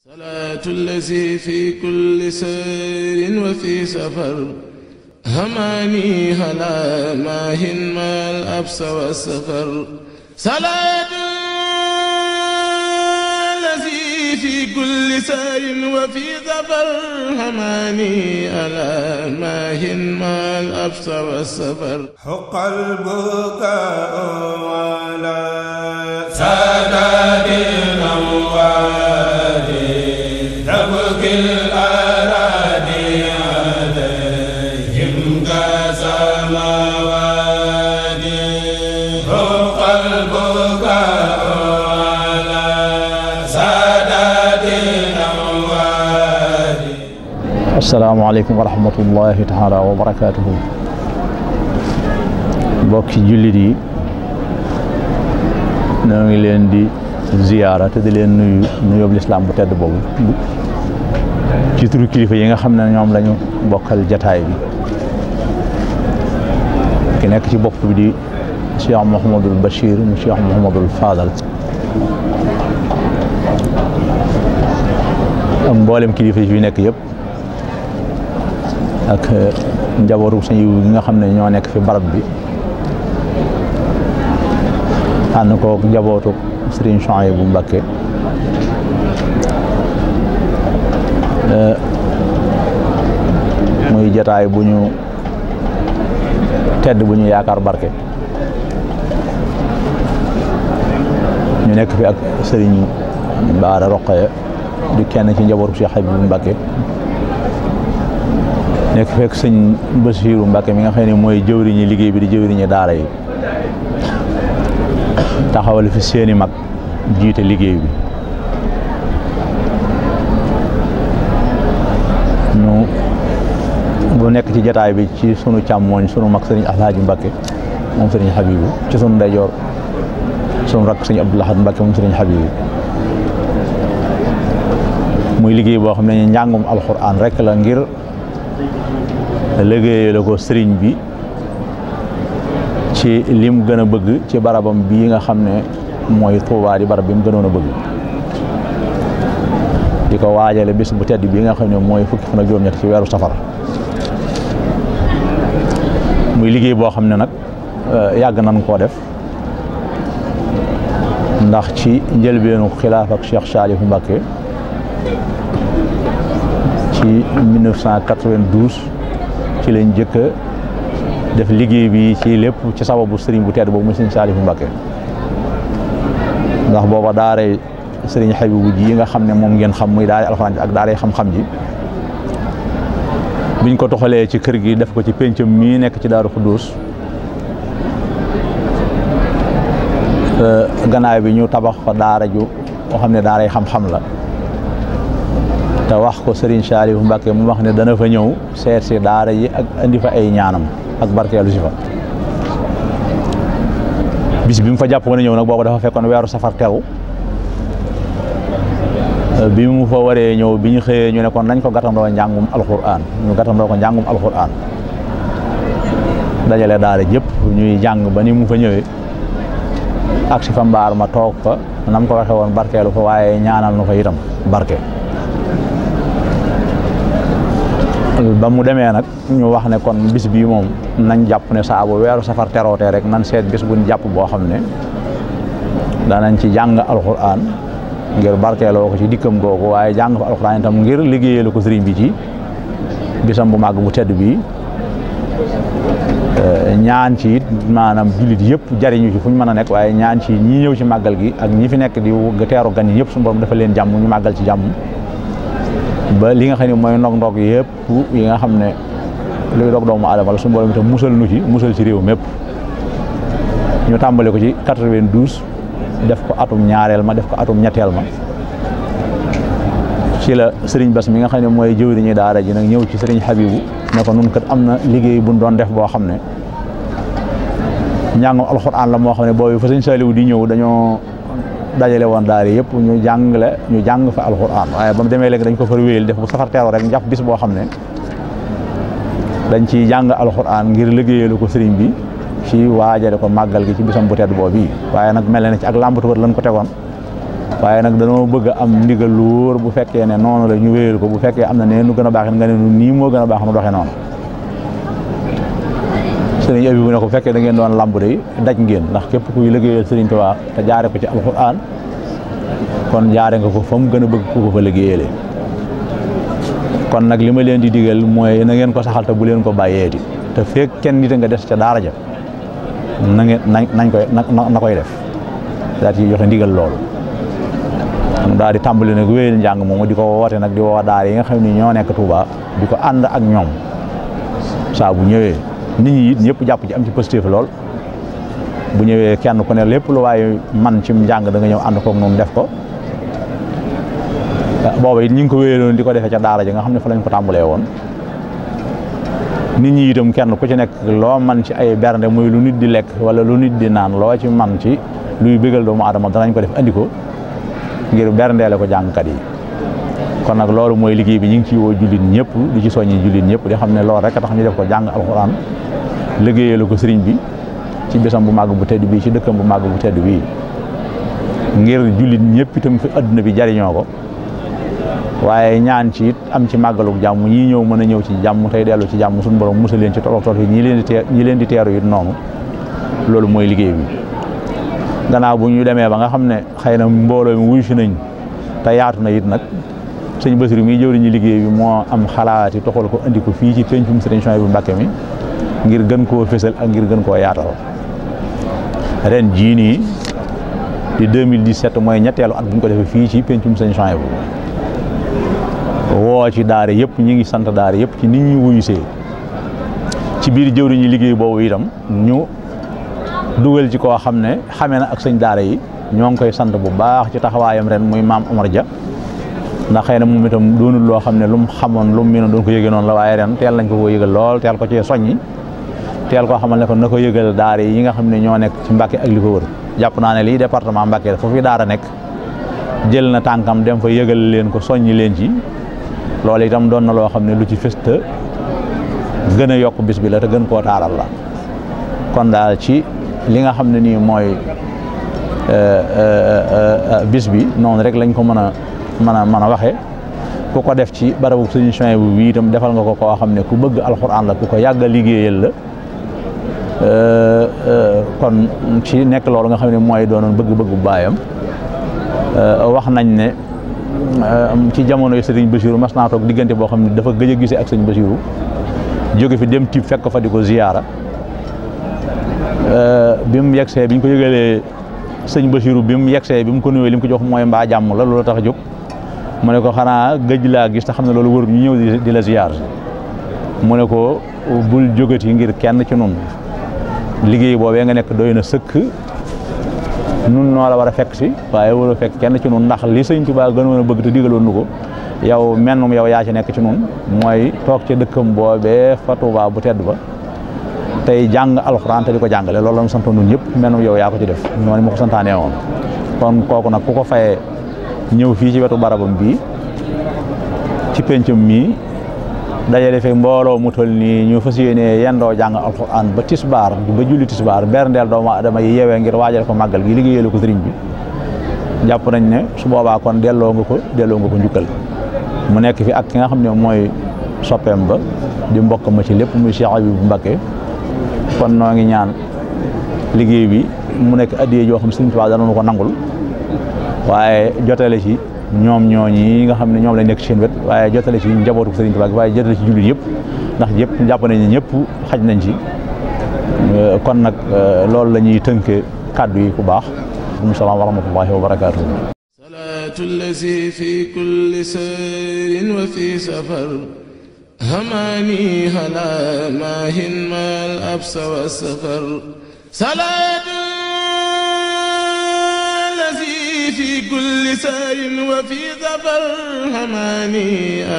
salaatu lazi fi kulli sayrin wa fi safar hamaani halaa maahin maal absa wa safar salaatu lazi fi kulli sayrin wa fi safar hamaani halaa maahin maal absa wa safar huqqal bukaa'u alaa saadaati asalaamaaleykum wa rahmatullahi taala wa barakaatuhu mbokki jullit yi ñoo ngi leen di ziyaara te di leen nuyu nuyoob lislaam bu tedd boobu ci turu kilifa yi nga xam ne ñoom la ñu bokkal jataay bi ki nekk ci bopp bi di Cheikh Mouhamadul Bachir mu Cheikh Mouhamadul Fadal am mboolem kilifa yi fi nekk yëpp ak euh, njabootu sëñ yi nga xam ne ñoo nekk fi barab bi ànd kook njabootu Serigne Chouaïbou bu Mbacké jotaay bu ñu tedd bu ñu yaakaar barke ñu nekk fi ak sëriñ Baara Roqaya di kenn ci njabootu Cheikh Habib Mbacke nekk fi ak sëñ Basiiru Mbacke mi nga xam ne mooy jëwriñi liggéey bi di jëwriñi daara yi taxawal fi seeni mag jiite liggéey bi bu nekk ci jataay bi ci sunu càmmoñ sunu mag sëriñ Alhaaji Mbàkke moom sëriñ Habibu ci sunu ndeyjoor sunu rakk sëriñ Abdul Ahad Mbàkke moom sëriñ Habibu muy liggéey boo xam ne njàngum alxuraan rek la ngir liggéeyee la ko sëriñ bi ci lim gën a bëgg ci barabam bii nga xam ne mooy Tuubaa di barab bi mu gënoon a bëgg di ko waajale bis bu tedd bii nga xam ne mooy fukki fan ak juróom ci weeru safar muy liggéey boo xam ne nag euh, yàgg nañ koo def ndax ci njëlbeenu xilaaf ak Cheikh Saliou Mbacké ci 1992 ci lañ jëkk def liggéey bi ci lépp ci sababu sëriñ bu tedd boobu muy sëriñ Saliou Mbacké ndax booba daare xay Habibou ji yi nga xam ne moom ngeen xam muy daare alxuraan ji ak daare xam-xam ji biñ ko toxalee ci kër gi def ko ci péncam mii nekk ci daaru Xudduus euh, gannaaw bi ñu tabax fa daara ju moo xam ne daaray xam-xam la te wax ko Serigne Salif Mbacke mu wax ne dana fa ñëw seet si daara yi ak indi fa ay ñaanam ak barkeelu si fa bis fa jàpp woon a ñëw nag boobu dafa fekkoon weeru safar teew bi mu fa waree ñëw bi ñu xëyee ñu ne kon nañ ko gàttandoo njàngum alxuraan ñu gàttandoo ko njàngum alxuraan dajale daara jëpp ñuy jàng ba ni mu fa ñëwee ak si fa mbaar ma toog fa nam ko waxee woon barkeelu fa waaye ñaanal nu fa itam barke ba mu demee nag ñu wax ne kon bis bii moom nañ jàpp ne saa bu weeru safar terootee rek nan seet bis buñ jàpp boo xam ne danañ ci jàng alxuraan ngir barkeeloo ko ci dikkam googu waaye jàng fa alxuraan itam ngir liggéeyal ko sëriñ bi ci bisam bu màgg bu tedd bi eh, ñaan ci it maanaam yëpp jariñu ci fu mën a nekk waaye ñaan ci ñi ñëw ci màggal gi ak ñi fi nekk di teeru gan yi yëpp suñu borom dafa leen jàmm ñu màggal ci jàmm ba li nga xam ne mooy ndog-ndog yëpp yi nga xam ne luy dog doomu aadama la suñu borom itam musal nu ci musal ci réew mépp ñu tàmbale ko ci 92 def ko atum ñaareel ma def ko atum ñetteel ma ci la sëriñ Bas mi nga xam ne mooy jëwriñu daara ji nag ñëw ci sëriñ Habibu ne ko nun kat am na liggéey buñ doon def boo xam ne njàngum alxuraan la moo xam ne boobu fa sëñ Saliou di ñëw dañoo dajale woon daara yëpp ñu jàngale ñu jàng fa alxuraan waaye ba demee léegi dañ ko far wéyal def bu safar rek njàpp bis boo xam ne dañ ci jàng alxuraan ngir liggéeyalu ko sëriñ bi ci waajale ko màggal gi ci bisam bu tedd boobu yi waaye nag mel na ci ak làmbatu wër lañ ko tegoon waaye nag danoo bëgg a am ndigal lu wóor bu fekkee ne noonu la ñu wéyal ko bu fekkee am na nee nu gën a baax nga ne nii moo a baax nu doxee noonu sëriñ abi bu ne fekkee da ngeen doon làmb day daj ngeen ndax képp kuy liggéeyal sëriñ ko Tuubaa te jaare ko ci alxuraan kon jaare nga ko fa mu gën a bëgg ku ko fa liggéeyalee kon nag li ma leen di digal mooy na ngeen ko saxal bu leen ko bàyyeeti te feek kenn nit a nga des ca daara ja na ngeen nañ koy na koy def daal di joxe ndigal loolu daal di tàmbali nag wéyal njàng moomu di ko woote nag di woo daara yi nga xam ni ñoo nekk Touba di ko ànd ak ñoom saa bu ñëwee nit ñi it ñëpp jàpp ci am ci positif lool bu ñëwee kenn ku ne lépp lu waaye man ci njàng da nga ñëw ànd koog moom def ko booba it ñu ngi ko wéyaloon di ko defee ca daara ji nga xam ne fa lañ ko tàmbalee woon nit ñi itam kenn ku ci nekk loo man ci ay bernde muy lu nit di lekk wala lu nit di naan loo ci man ci luy bégal doomu aadama danañ ko def andi ko ngir berndeele ko jàngkat yi kon nag loolu mooy liggéey bi ñu ngi ciy woo jullit ñëpp di ci soññi jullit ñëpp di xam ne loolu rek a tax ñu def ko jàng alxuraan liggéeyal ko sëriñ bi ci bésam bu màgg bu tedd bii ci dëkkam bu màgg bu tedd bii ngir jullit ñëpp itam fi adduna bi jariñoo ko waaye ñaan ci it am ci màggaluk jàmm ñii ñëw mën a ñëw ci jàmm tey dellu ci jàmm suñu borom musal leen ci tolof tolof yi ñi leen di tee ñi leen di teeru it noonu loolu mooy liggéey bi gannaaw bu ñu demee ba nga xam ne xëy na mbooloo mi wuyu si nañ te yaatu na it nag sëñ Basiru mi jëwriñu liggéey bi moo am xalaat yi toxal ko indi ko fii ci pencum sëriñ Suhaybu Mbàkke mi ngir gën koo fésal ak ngir gën koo yaatal ren jii nii di 2017 mooy ñetteelu at bu ñu ko defee fii ci pencum sëriñ Suhaybu woo ci daara yëpp ñu ngi sant daara yëpp ci nit ñu wuyusee ci biir jëwriñu liggéey boobu itam ñu dugal ci koo xam ne xamee na ak sëñ daara yi ñoo ngi koy sant bu baax ci taxawaayam ren muy maam Omar Dia ndax xëy na moom itam doonul loo xam ne lu xamoon lu mu miinoon doon ko yëgee noonu la waaye ren teel nañ ko koo yëgal lool teel ko cee soññi teel koo xamal ne ko na ko yëgal daara yi nga xam ne ñoo nekk ci Mbàkke ak li ko wër jàpp naa ne lii département Mbàkke foofu daara nekk jël na tànkam dem fa yëgal leen ko soññi leen ci loolu itam doon na loo xam ne lu ci fës te gën a yokk bis bi la te gën koo taalal la kon daal ci li nga xam ne nii mooy euh, euh, euh, bis bi noonu rek lañ ko mën a mën a mën a waxee ku ko def ci barabu suñu soin bu bii itam defal nga ko koo xam ne ku bëgg alxuraan la ku ko yàgg liggéeyal la kon ci nekk loolu nga xam ne mooy doon bëgg-bëggu baayam wax nañ ne. Euh, ci jamonoy sëriñ Basiru mas naa toog diggante boo xam ne dafa gëj a gisee ak sëriñ Basiru jóge fi dem tiib fekk fa di ko ziyaara euh, bi mu yegsee bi ñu ko yëgalee sëñ Basiru bi mu yegsee bi mu ko nuyee li mu ko jox mooy mbaa jàmm la loolu tax a jóg mu ne ko xanaa gëj laa gis te xam ne loolu wër ñu ñëw di la ziyaar mu ne ko bul jógati ngir kenn ci nun liggéey boobee nga nekk doy na sëkk nun noo la war a fekk si waaye war fekk kenn ci nun ndax li sëñ Tuubaa gënoon a bëgg te digaloon nu ko yow mennum yow yaa ci nekk ci nun mooy toog ca dëkkam boobee fa Tuubaa bu tedd ba tey jàng alxuraan te di ko jàngale loolu la mu santoon nun ñëpp mennum yow yaa ko ci def noonu ma ko santaanee kon kooku nag ku ko fayee ñëw fii ci wetu barabam bii ci pencam mii dajale fi mbooloo mu toll nii ñu fas yéene yendoo jàng alxuraan ba tisbaar ba julli tisbaar berndeel doomu adama yi yeewee ngir waajal ko màggal gi liggéeyal ko sëriñ bi nañ ne su boobaa kon delloo nga ko delloo nga ko mu nekk fi ak ki nga xam ne mooy soppeem ba di mbokk ma ci lépp muy Cheikh Abibou Mbacké kon noo ngi ñaan liggéey bi mu nekk addiyee joo xam Sëriñ Tuubaa danoonu ko nangul waaye jotale ci ñoom ñooñi nga xam ne ñoom la nekk seen wet waaye jotale ci njabootu Serigne Touba waaye jotale ci jullit yëpp ndax yëpp jàpp nañ ne ñëpp xaj nañ ci euh, kon nag euh, loolu la ñuy tënke kàddu yi ku baax salaam wa rahmatullahi wa barakaatuh salaatu allazi fi kulli sayrin wa fi safar hamani hala mahin mal absa wa safar fi kulli sayrin wa fi safar hamaani